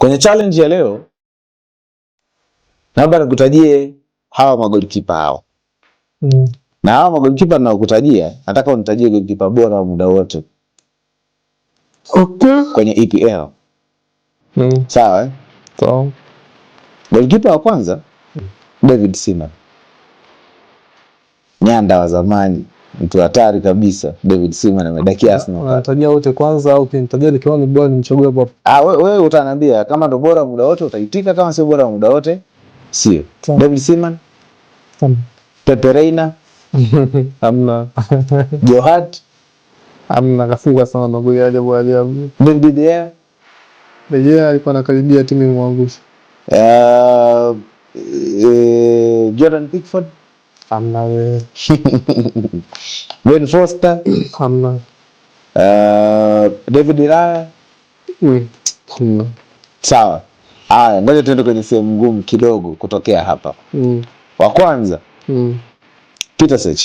Kwenye challenge ya leo naomba nikutajie hawa magolikipa hao. Mm. Na hawa magolikipa naokutajia nataka unitajie golikipa bora wa muda wote. Okay. Kwenye EPL. Mm. Sawa eh? Sawa. Golikipa wa kwanza mm. David Simon, Nyanda wa zamani mtu hatari kabisa David na Medaki Arsenal. Unatajia wote kwanza au ukinitajia nikiwa ni bora nimchague Pep? Ah, wewe we, utaniambia kama ndo bora muda wote utaitika, kama sio bora muda wote sio. David Seaman, Pepe Reina amna, Johat amna, kafunga sana na goli ya bwana ya David De Gea, De Gea alikuwa anakaribia timu imwangusha. Uh, ah, eh, Jordan Pickford hamna Ben Foster hamna. Uh, David Laya mm. Sawa. Haya, ngoja tuende kwenye sehemu ngumu kidogo kutokea hapa mm. wa kwanza mm. Peter Sech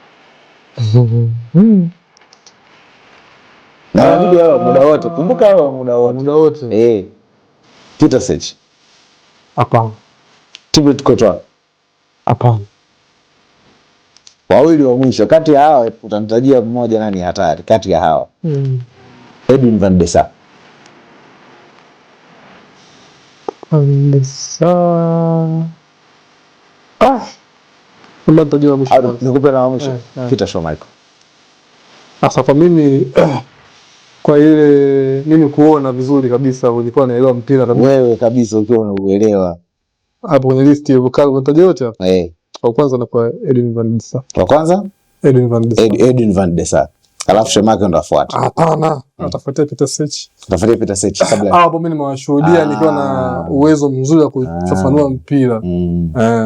na Nawabidi hao muda wote. Kumbuka hao muda wote. Muda wote. Eh. Peter Sech. Hapana. Tibet Kotwa. Hapana. Wawili wa mwisho kati ya hawa utanitajia mmoja nani hatari kati ya hawa mm. Edwin van der Sar. Van der Sar. Ah. Nikupe na mwisho eh, eh. Peter Schmeichel. Sasa kwa mimi kwa ile nini kuona vizuri kabisa ulikuwa unaelewa mpira kabisa. Wewe kabisa ukiwa unauelewa hapo kwenye listi ya yote hapo eh, wa kwanza anakuwa Edwin Van der Sar. wa kwanza Edwin Van der Sar. Edwin Van der Sar. alafu Shemake ndo afuata. Hapana, hmm. atafuatia Peter Sech, atafuatia Peter Sech kabla hapo. Mimi nimewashuhudia ah. nikiwa na uwezo mzuri wa kufafanua hmm. mpira mm. eh.